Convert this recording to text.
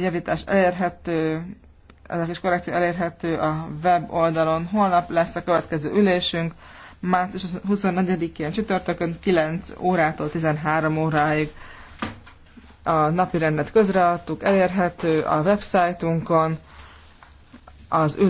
javítás elérhető, ezek is korrekció elérhető a web oldalon. Holnap lesz a következő ülésünk, március 24-én csütörtökön 9 órától 13 óráig a napi rendet közreadtuk, elérhető a websájtunkon, az ül